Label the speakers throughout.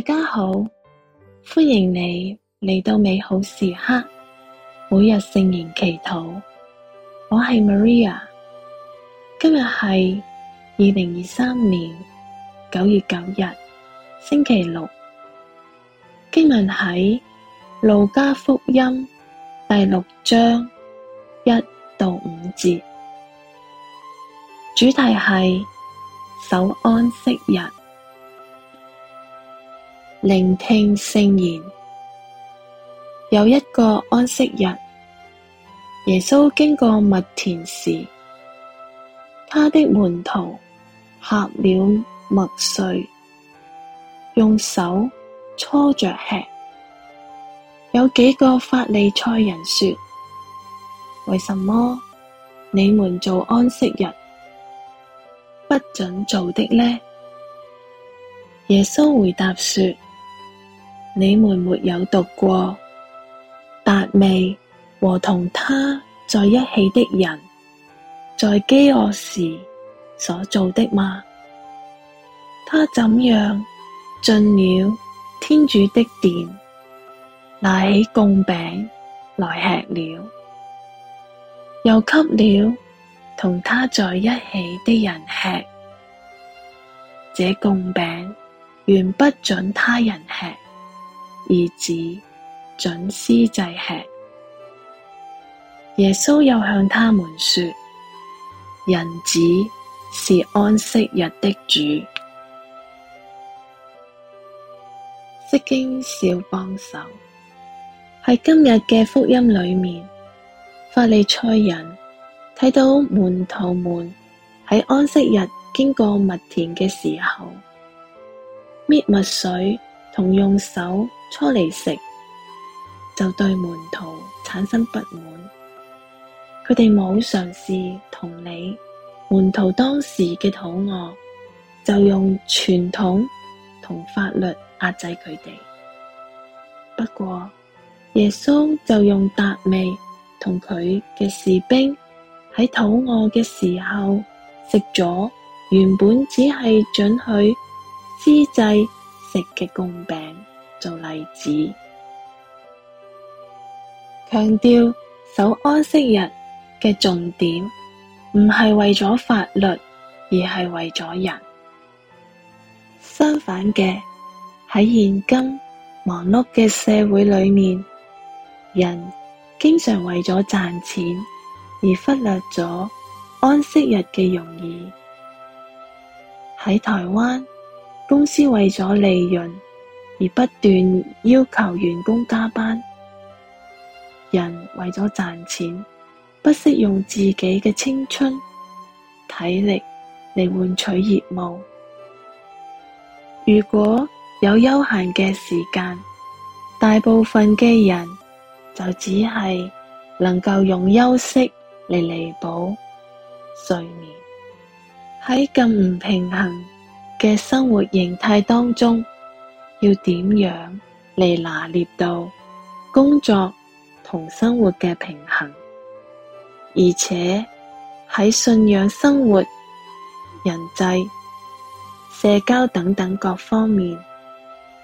Speaker 1: 大家好，歡迎你嚟到美好時刻。每日聖言祈禱，我係 Maria。今日係二零二三年九月九日，星期六。經文喺路加福音第六章一到五節，主題係守安息日。聆聽聖言。有一個安息日，耶穌經過麥田時，他的門徒掐了麥穗，用手搓着吃。有幾個法利賽人說：為什麼你們做安息日不准做的呢？耶穌回答說。你們沒有讀過達味和同他在一起的人，在飢餓時所做的嗎？他怎樣進了天主的殿，拿起供餅來吃了，又給了同他在一起的人吃，這供餅原不准他人吃。而只准司祭吃。耶穌又向他們說：人子是安息日的主。釋經小幫手，喺今日嘅福音裏面，法利賽人睇到門徒們喺安息日經過麥田嘅時候，搣麥穗同用手。出嚟食就對門徒產生不滿，佢哋冇嘗試同理門徒當時嘅肚餓，就用傳統同法律壓制佢哋。不過耶穌就用達味同佢嘅士兵喺肚餓嘅時候食咗原本只係准許司祭食嘅供餅。做例子，強調守安息日嘅重點，唔係為咗法律，而係為咗人。相反嘅，喺現今忙碌嘅社會裏面，人經常為咗賺錢而忽略咗安息日嘅用意。喺台灣，公司為咗利潤。而不斷要求員工加班，人為咗賺錢，不惜用自己嘅青春、體力嚟換取業務。如果有休閒嘅時間，大部分嘅人就只係能夠用休息嚟彌補睡眠。喺咁唔平衡嘅生活形態當中。要點樣嚟拿捏到工作同生活嘅平衡，而且喺信仰生活、人際、社交等等各方面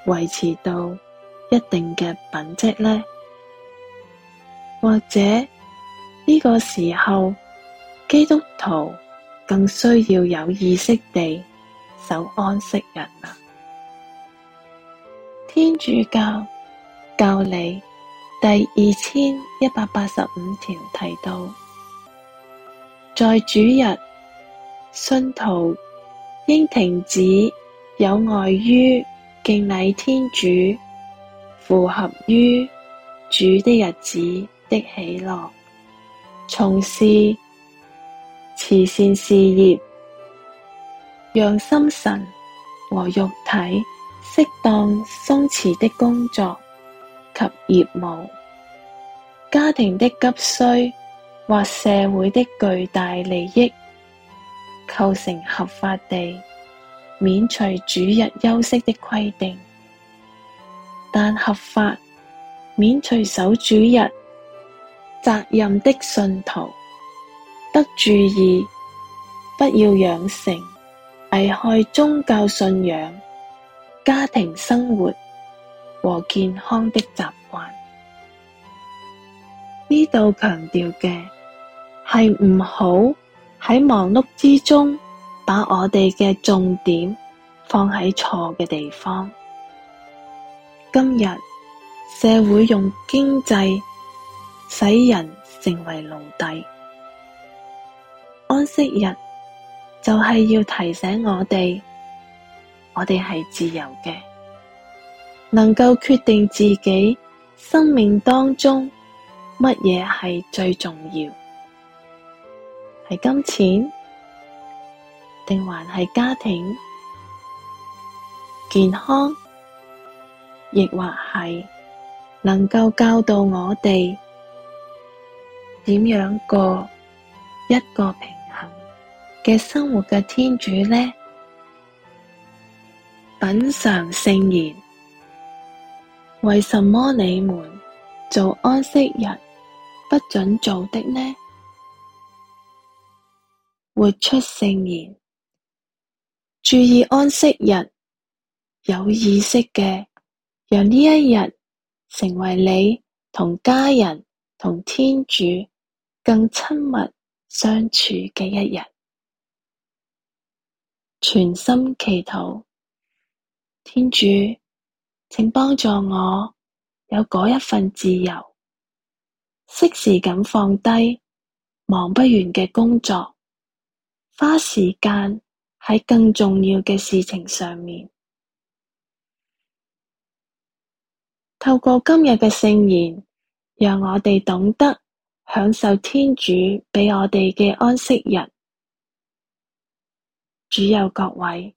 Speaker 1: 維持到一定嘅品質呢？或者呢個時候基督徒更需要有意識地守安息日啊！天主教教理第二千一百八十五條提到，在主日，信徒應停止有礙於敬禮天主、符合於主的日子的喜樂，從事慈善事業，讓心神和肉體。適當鬆弛的工作及業務。家庭的急需或社會的巨大利益，構成合法地免除主日休息的規定，但合法免除守主日責任的信徒，得注意不要養成危害宗教信仰。家庭生活和健康的習慣，呢度強調嘅係唔好喺忙碌之中，把我哋嘅重點放喺錯嘅地方。今日社會用經濟使人成為奴隸，安息日就係要提醒我哋。我哋係自由嘅，能夠決定自己生命當中乜嘢係最重要，係金錢，定還係家庭、健康，亦或係能夠教導我哋點樣過一個平衡嘅生活嘅天主呢？品嘗聖言，為什麼你們做安息日不准做的呢？活出聖言，注意安息日，有意識嘅，讓呢一日成為你同家人同天主更親密相處嘅一日，全心祈禱。天主請幫助我有嗰一份自由，適時噉放低忙不完嘅工作，花時間喺更重要嘅事情上面。透過今日嘅聖言，讓我哋懂得享受天主畀我哋嘅安息日。主佑各位。